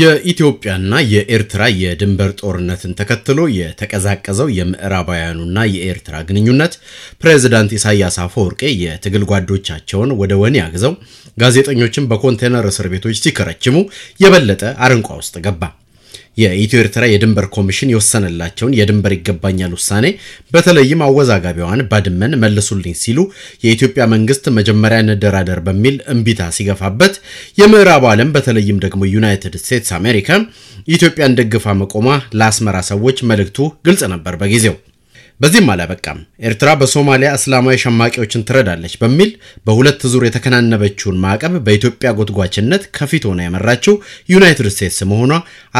የኢትዮጵያና የኤርትራ የድንበር ጦርነትን ተከትሎ የተቀዛቀዘው የምዕራባውያኑና የኤርትራ ግንኙነት ፕሬዝዳንት ኢሳያስ አፈወርቄ የትግል ጓዶቻቸውን ወደ ወህኒ አግዘው ጋዜጠኞችን በኮንቴነር እስር ቤቶች ሲከረችሙ የበለጠ አረንቋ ውስጥ ገባ። የኢትዮ ኤርትራ የድንበር ኮሚሽን የወሰነላቸውን የድንበር ይገባኛል ውሳኔ በተለይም አወዛጋቢዋን ባድመን መልሱልኝ ሲሉ የኢትዮጵያ መንግስት መጀመሪያ እንደራደር በሚል እምቢታ ሲገፋበት የምዕራቡ ዓለም በተለይም ደግሞ ዩናይትድ ስቴትስ አሜሪካ ኢትዮጵያን ደግፋ መቆሟ ለአስመራ ሰዎች መልእክቱ ግልጽ ነበር በጊዜው። በዚህም አላበቃም። ኤርትራ በሶማሊያ እስላማዊ ሸማቂዎችን ትረዳለች በሚል በሁለት ዙር የተከናነበችውን ማዕቀብ በኢትዮጵያ ጎትጓችነት ከፊት ሆና የመራችው ዩናይትድ ስቴትስ መሆኗ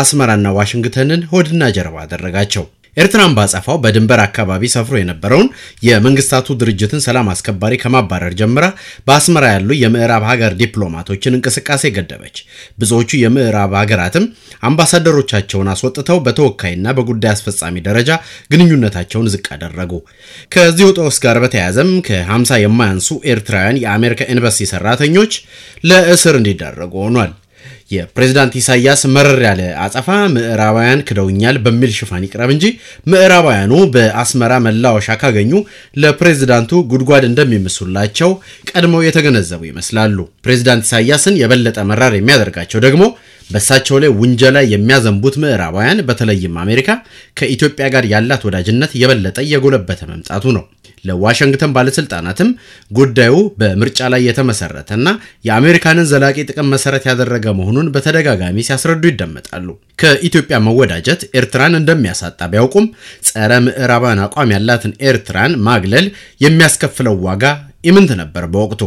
አስመራና ዋሽንግተንን ሆድና ጀርባ አደረጋቸው። ኤርትራን ባጸፋው በድንበር አካባቢ ሰፍሮ የነበረውን የመንግስታቱ ድርጅትን ሰላም አስከባሪ ከማባረር ጀምራ በአስመራ ያሉ የምዕራብ ሀገር ዲፕሎማቶችን እንቅስቃሴ ገደበች። ብዙዎቹ የምዕራብ ሀገራትም አምባሳደሮቻቸውን አስወጥተው በተወካይና በጉዳይ አስፈጻሚ ደረጃ ግንኙነታቸውን ዝቅ አደረጉ። ከዚሁ ጦስ ጋር በተያያዘም ከ50 የማያንሱ ኤርትራውያን የአሜሪካ ኤምባሲ ሰራተኞች ለእስር እንዲዳረጉ ሆኗል። የፕሬዝዳንት ኢሳያስ መረር ያለ አጸፋ ምዕራባውያን ክደውኛል በሚል ሽፋን ይቅረብ እንጂ ምዕራባውያኑ በአስመራ መላወሻ ካገኙ ለፕሬዝዳንቱ ጉድጓድ እንደሚምሱላቸው ቀድመው የተገነዘቡ ይመስላሉ። ፕሬዝዳንት ኢሳያስን የበለጠ መራር የሚያደርጋቸው ደግሞ በእሳቸው ላይ ውንጀላ የሚያዘንቡት ምዕራባውያን በተለይም አሜሪካ ከኢትዮጵያ ጋር ያላት ወዳጅነት የበለጠ የጎለበተ መምጣቱ ነው። ለዋሽንግተን ባለስልጣናትም ጉዳዩ በምርጫ ላይ የተመሰረተና የአሜሪካንን ዘላቂ ጥቅም መሰረት ያደረገ መሆኑን በተደጋጋሚ ሲያስረዱ ይደመጣሉ። ከኢትዮጵያ መወዳጀት ኤርትራን እንደሚያሳጣ ቢያውቁም ጸረ ምዕራባን አቋም ያላትን ኤርትራን ማግለል የሚያስከፍለው ዋጋ ኢምንት ነበር በወቅቱ።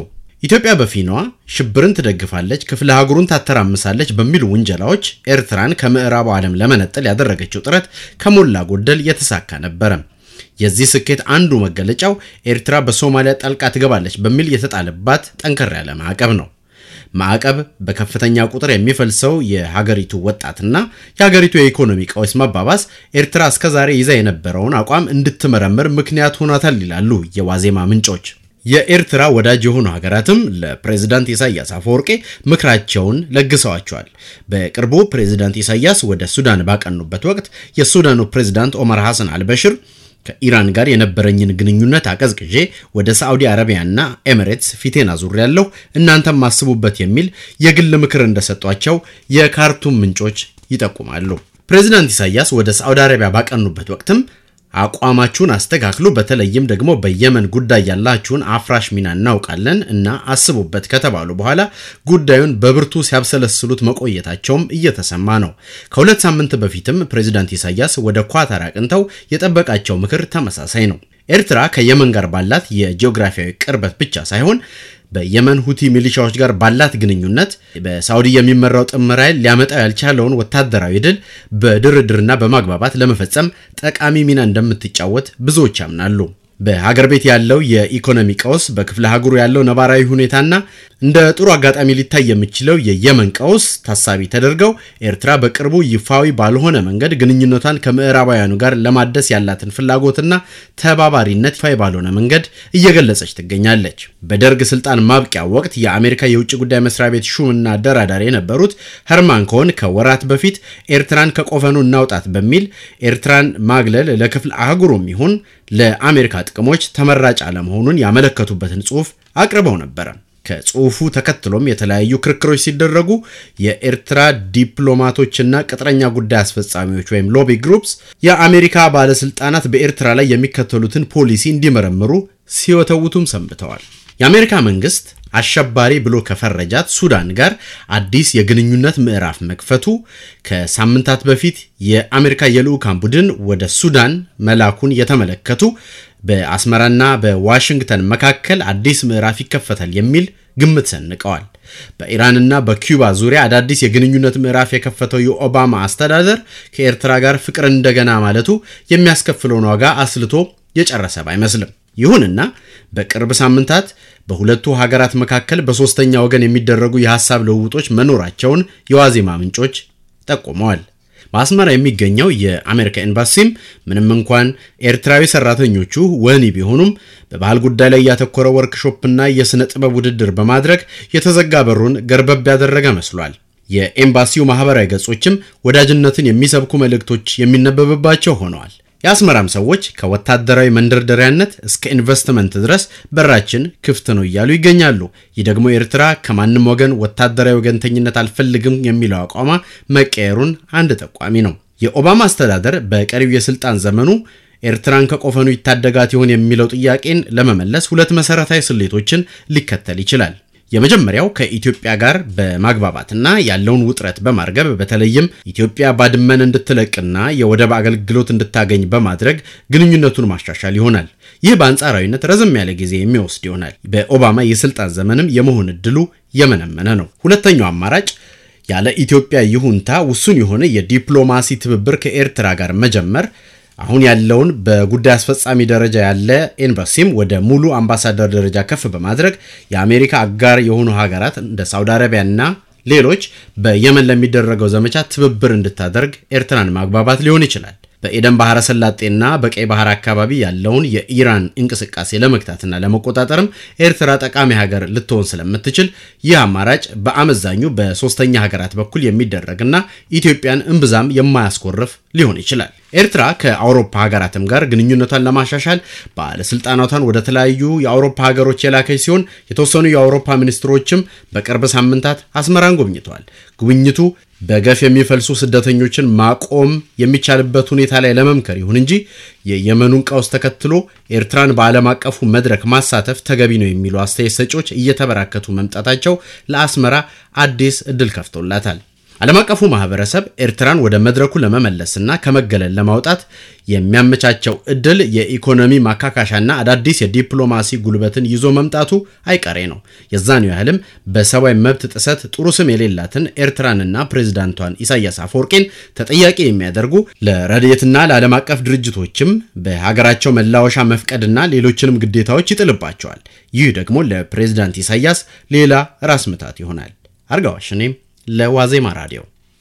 ኢትዮጵያ በፊኗ ሽብርን ትደግፋለች፣ ክፍለ ሀገሩን ታተራምሳለች በሚሉ ውንጀላዎች ኤርትራን ከምዕራቡ ዓለም ለመነጠል ያደረገችው ጥረት ከሞላ ጎደል የተሳካ ነበረ። የዚህ ስኬት አንዱ መገለጫው ኤርትራ በሶማሊያ ጣልቃ ትገባለች በሚል የተጣለባት ጠንከር ያለ ማዕቀብ ነው። ማዕቀብ በከፍተኛ ቁጥር የሚፈልሰው የሀገሪቱ ወጣትና የሀገሪቱ የኢኮኖሚ ቀውስ መባባስ ኤርትራ እስከዛሬ ይዛ የነበረውን አቋም እንድትመረምር ምክንያት ሆኗታል ይላሉ የዋዜማ ምንጮች። የኤርትራ ወዳጅ የሆኑ ሀገራትም ለፕሬዝዳንት ኢሳያስ አፈወርቄ ምክራቸውን ለግሰዋቸዋል። በቅርቡ ፕሬዝዳንት ኢሳያስ ወደ ሱዳን ባቀኑበት ወቅት የሱዳኑ ፕሬዝዳንት ኦመር ሐሰን አልበሽር ከኢራን ጋር የነበረኝን ግንኙነት አቀዝቅዤ ወደ ሳዑዲ አረቢያና ኤሚሬትስ ፊቴን አዙሬያለሁ፣ እናንተም አስቡበት የሚል የግል ምክር እንደሰጧቸው የካርቱም ምንጮች ይጠቁማሉ። ፕሬዚዳንት ኢሳያስ ወደ ሳዑዲ አረቢያ ባቀኑበት ወቅትም አቋማችሁን አስተካክሉ። በተለይም ደግሞ በየመን ጉዳይ ያላችሁን አፍራሽ ሚና እናውቃለን እና አስቡበት ከተባሉ በኋላ ጉዳዩን በብርቱ ሲያብሰለስሉት መቆየታቸውም እየተሰማ ነው። ከሁለት ሳምንት በፊትም ፕሬዚዳንት ኢሳያስ ወደ ኳታር አቅንተው የጠበቃቸው ምክር ተመሳሳይ ነው። ኤርትራ ከየመን ጋር ባላት የጂኦግራፊያዊ ቅርበት ብቻ ሳይሆን በየመን ሁቲ ሚሊሻዎች ጋር ባላት ግንኙነት በሳውዲ የሚመራው ጥምር ኃይል ሊያመጣው ያልቻለውን ወታደራዊ ድል በድርድርና በማግባባት ለመፈጸም ጠቃሚ ሚና እንደምትጫወት ብዙዎች ያምናሉ። በሀገር ቤት ያለው የኢኮኖሚ ቀውስ፣ በክፍለ ሀገሩ ያለው ነባራዊ ሁኔታና እንደ ጥሩ አጋጣሚ ሊታይ የሚችለው የየመን ቀውስ ታሳቢ ተደርገው ኤርትራ በቅርቡ ይፋዊ ባልሆነ መንገድ ግንኙነቷን ከምዕራባውያኑ ጋር ለማደስ ያላትን ፍላጎትና ተባባሪነት ይፋዊ ባልሆነ መንገድ እየገለጸች ትገኛለች። በደርግ ስልጣን ማብቂያ ወቅት የአሜሪካ የውጭ ጉዳይ መስሪያ ቤት ሹምና አደራዳሪ የነበሩት ሀርማን ኮሄን ከወራት በፊት ኤርትራን ከቆፈኑ እናውጣት በሚል ኤርትራን ማግለል ለክፍለ አህጉሩም ይሁን ለአሜሪካ ጥቅሞች ተመራጭ አለመሆኑን ያመለከቱበትን ጽሑፍ አቅርበው ነበረ። ከጽሁፉ ተከትሎም የተለያዩ ክርክሮች ሲደረጉ የኤርትራ ዲፕሎማቶችና ቅጥረኛ ጉዳይ አስፈጻሚዎች ወይም ሎቢ ግሩፕስ የአሜሪካ ባለስልጣናት በኤርትራ ላይ የሚከተሉትን ፖሊሲ እንዲመረምሩ ሲወተውቱም ሰንብተዋል። የአሜሪካ መንግስት አሸባሪ ብሎ ከፈረጃት ሱዳን ጋር አዲስ የግንኙነት ምዕራፍ መክፈቱ ከሳምንታት በፊት የአሜሪካ የልዑካን ቡድን ወደ ሱዳን መላኩን የተመለከቱ በአስመራና በዋሽንግተን መካከል አዲስ ምዕራፍ ይከፈታል የሚል ግምት ሰንቀዋል። በኢራንና በኪዩባ ዙሪያ አዳዲስ የግንኙነት ምዕራፍ የከፈተው የኦባማ አስተዳደር ከኤርትራ ጋር ፍቅር እንደገና ማለቱ የሚያስከፍለውን ዋጋ አስልቶ የጨረሰ አይመስልም። ይሁንና በቅርብ ሳምንታት በሁለቱ ሀገራት መካከል በሦስተኛ ወገን የሚደረጉ የሐሳብ ልውውጦች መኖራቸውን የዋዜማ ምንጮች ጠቁመዋል። በአስመራ የሚገኘው የአሜሪካ ኤምባሲም ምንም እንኳን ኤርትራዊ ሰራተኞቹ ወህኒ ቢሆኑም በባህል ጉዳይ ላይ ያተኮረ ወርክሾፕና የሥነ ጥበብ ውድድር በማድረግ የተዘጋ በሩን ገርበብ ያደረገ መስሏል። የኤምባሲው ማኅበራዊ ገጾችም ወዳጅነትን የሚሰብኩ መልእክቶች የሚነበብባቸው ሆነዋል። የአስመራም ሰዎች ከወታደራዊ መንደርደሪያነት እስከ ኢንቨስትመንት ድረስ በራችን ክፍት ነው እያሉ ይገኛሉ። ይህ ደግሞ ኤርትራ ከማንም ወገን ወታደራዊ ወገንተኝነት አልፈልግም የሚለው አቋማ መቀየሩን አንድ ጠቋሚ ነው። የኦባማ አስተዳደር በቀሪው የስልጣን ዘመኑ ኤርትራን ከቆፈኑ ይታደጋት ይሆን የሚለው ጥያቄን ለመመለስ ሁለት መሰረታዊ ስሌቶችን ሊከተል ይችላል። የመጀመሪያው ከኢትዮጵያ ጋር በማግባባትና ያለውን ውጥረት በማርገብ በተለይም ኢትዮጵያ ባድመን እንድትለቅና የወደብ አገልግሎት እንድታገኝ በማድረግ ግንኙነቱን ማሻሻል ይሆናል። ይህ በአንጻራዊነት ረዘም ያለ ጊዜ የሚወስድ ይሆናል። በኦባማ የስልጣን ዘመንም የመሆን እድሉ የመነመነ ነው። ሁለተኛው አማራጭ ያለ ኢትዮጵያ ይሁንታ ውሱን የሆነ የዲፕሎማሲ ትብብር ከኤርትራ ጋር መጀመር አሁን ያለውን በጉዳይ አስፈጻሚ ደረጃ ያለ ኤምባሲም ወደ ሙሉ አምባሳደር ደረጃ ከፍ በማድረግ የአሜሪካ አጋር የሆኑ ሀገራት እንደ ሳውዲ አረቢያና ሌሎች በየመን ለሚደረገው ዘመቻ ትብብር እንድታደርግ ኤርትራን ማግባባት ሊሆን ይችላል። በኤደን ባህረ ሰላጤና በቀይ ባህር አካባቢ ያለውን የኢራን እንቅስቃሴ ለመግታትና ለመቆጣጠርም ኤርትራ ጠቃሚ ሀገር ልትሆን ስለምትችል ይህ አማራጭ በአመዛኙ በሶስተኛ ሀገራት በኩል የሚደረግና ኢትዮጵያን እምብዛም የማያስኮርፍ ሊሆን ይችላል። ኤርትራ ከአውሮፓ ሀገራትም ጋር ግንኙነቷን ለማሻሻል ባለስልጣናቷን ወደ ተለያዩ የአውሮፓ ሀገሮች የላከች ሲሆን የተወሰኑ የአውሮፓ ሚኒስትሮችም በቅርብ ሳምንታት አስመራን ጎብኝተዋል። ጉብኝቱ በገፍ የሚፈልሱ ስደተኞችን ማቆም የሚቻልበት ሁኔታ ላይ ለመምከር ይሁን እንጂ የየመኑን ቀውስ ተከትሎ ኤርትራን በዓለም አቀፉ መድረክ ማሳተፍ ተገቢ ነው የሚሉ አስተያየት ሰጪዎች እየተበራከቱ መምጣታቸው ለአስመራ አዲስ እድል ከፍቶላታል። ዓለም አቀፉ ማህበረሰብ ኤርትራን ወደ መድረኩ ለመመለስና ከመገለል ለማውጣት የሚያመቻቸው እድል የኢኮኖሚ ማካካሻና አዳዲስ የዲፕሎማሲ ጉልበትን ይዞ መምጣቱ አይቀሬ ነው። የዛኑ ያህልም በሰብአዊ መብት ጥሰት ጥሩ ስም የሌላትን ኤርትራንና ፕሬዚዳንቷን ኢሳያስ አፈወርቄን ተጠያቂ የሚያደርጉ ለረድኤትና ለዓለም አቀፍ ድርጅቶችም በሀገራቸው መላወሻ መፍቀድና ሌሎችንም ግዴታዎች ይጥልባቸዋል። ይህ ደግሞ ለፕሬዚዳንት ኢሳያስ ሌላ ራስ ምታት ይሆናል። አርጋዋሽ እኔም ለዋዜማ ራዲዮ